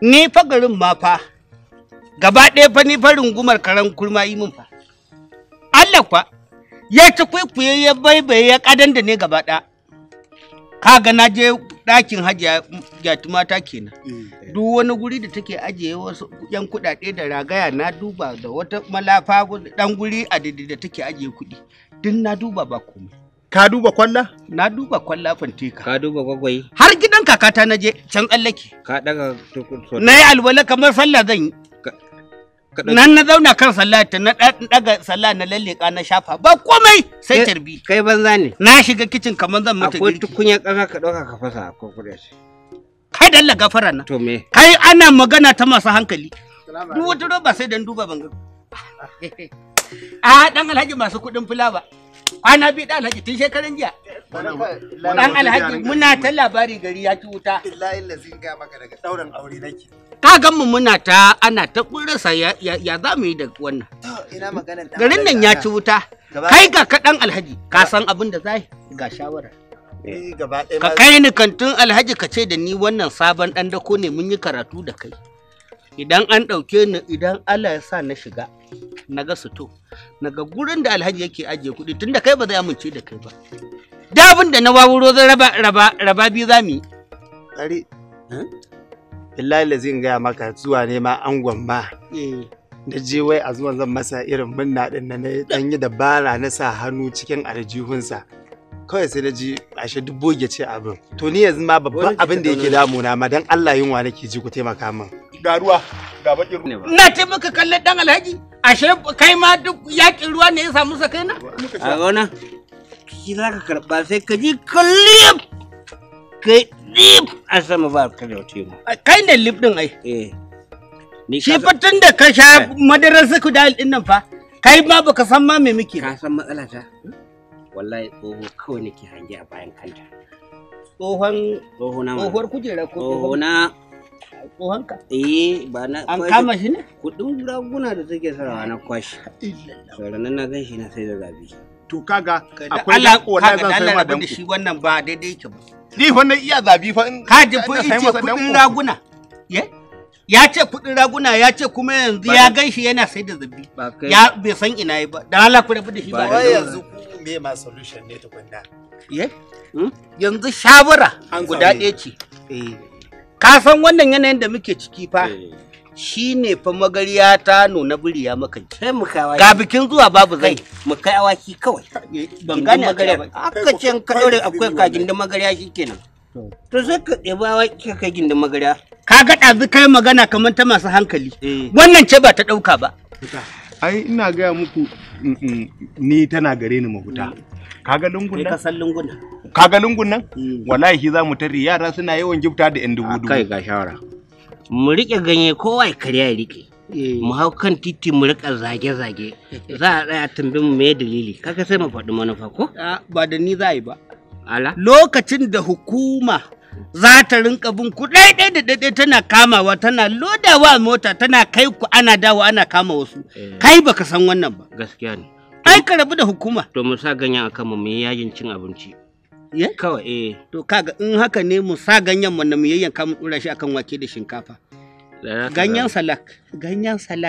ni fa garin ma fa gaba ɗaya fa ni fa rungumar karan kurma yi min fa Allah fa ya ci kwaikwaye ya baibaye ya kadan da ne gaba ɗaya kaga na je ɗakin hajiya mata kenan eh. duk wani guri da take ajiye wasu yan kuɗaɗe da ragaya na duba da wata malafa ɗan guri a da take ajiye kuɗi duk na duba ba komai ka duba kwalla na duba kwalla fanteka ka duba gwagwai har kakata na je can tsallake. Ka daga Na yi alwala kamar sallah zan yi. Nan na zauna kan sallah ta na daga sallah na lalleka na shafa ba komai sai tarbi. Kai banza ne. Na shiga kicin kamar zan mata girki. Akwai tukunyar ƙasa ka dauka ka fasa ko kuɗe shi. Kai dalla gafara na. To me? Kai ana magana ta masu hankali. Duk wata roba sai dan duba ban ga. A dan ah, alhaji masu kuɗin fulawa. Kwana biyu da alhaji tun shekaran jiya. Dan alhaji muna ta labari gari ya ci wuta. Billahi lazi ga maka daga dauran aure nake. Ka gan mu muna ta ana ta kurasa ya ya za mu yi da wannan. Ina maganar Garin nan ya ci wuta. Kai ga ka dan alhaji ka san abin da zai ga shawara. Eh, ka kai ni kantin alhaji ka ce da ni wannan sabon dan dako ne mun yi karatu da kai. Idan an ɗauke ni idan Allah ya sa na shiga. na ga suto na ga gurin da alhaji yake ajiye kuɗi tunda kai ba zai amince da kai ba dabin da na wawuro zan raba raba raba biyu za mu yi tsari billahi da zan maka zuwa ne ma angon ma da eh. je wai a zuwan zan masa irin munna din na dan yi dabara na sa hannu cikin aljihunsa kawai sai na ji ashe duk boge ce abin to ni yanzu ma babban abin da yake damuna ma dan Allah wa nake ji ku taimaka min ga ruwa ga bakin ruwa ina taimaka kallon dan alhaji ashe kai ma duk yakin ruwa ne ya samu sa kaina a gona shi za ka karɓa sai ka ji kalib kai lip a sama ba ka da wata kai ne lip din ai eh. shi fatan da ka sha eh. madarar suku da din nan fa kai ma baka san ma me muke ka san matsala ta wallahi tsoho kawai nake hange a bayan kanta tsohon tsohuwar kujera ko tsohona tsohon ka eh ba na an kama shi ne kudin raguna da take sarawa na kwashi sauranan na gan shi na sai da zabi to kaga akwai Allah wallahi zan sai ma dan shi wannan ba daidai yake ba ni fa iya zabi fa in ka ji fa yace kudin raguna ye ya ce kudin raguna ya ce kuma yanzu ya gan shi yana sai da zabi ya bai san ina yi ba dan Allah ku rabu da shi ba ba yanzu me ma solution ne tukunna ye hmm? yanzu shawara guda ɗaya ce eh. ka san wannan yanayin da muke ciki fa eh. shi ne fa magariya ta nuna biri ya maka sai ga bikin zuwa babu zai mu kai awaki kawai ban gane magariya ba aka ce ka dore akwai kagin da magariya shikenan to sai ka ɗebi awaki ka kagin da magariya ka ga ɗazu kai magana kamar ta masu hankali eh. wannan ce ba ta ɗauka ba ai ina gaya muku mm, mm, ni tana gare ni mahuta mm. kaga lungun nan kasan lungun kaga lungun nan wallahi za mu tare yara suna yawan gifta da yan dubu dubu kai ga shawara mu riƙe ganye kowai ya karya ya riƙe eh. mu hau kan titi mu riƙa zage-zage za a tsaya tambi mu mai dalili kaka sai mu faɗi manufa ko ba da ni za a yi ba ala lokacin da hukuma za ta rinka bin ku ɗaiɗai da ɗaiɗai tana kamawa tana lodawa mota tana kai ku ana dawa ana kama wasu eh. kai baka san wannan ba gaskiya ne ai ka rabu da hukuma to mu sa ganyen akan mu mu yi yajin cin abinci eh kawai eh to kaga in haka ne mu sa ganyen mu na mu yayyanka mu dura shi akan wake da shinkafa ganyen salak ganyen salak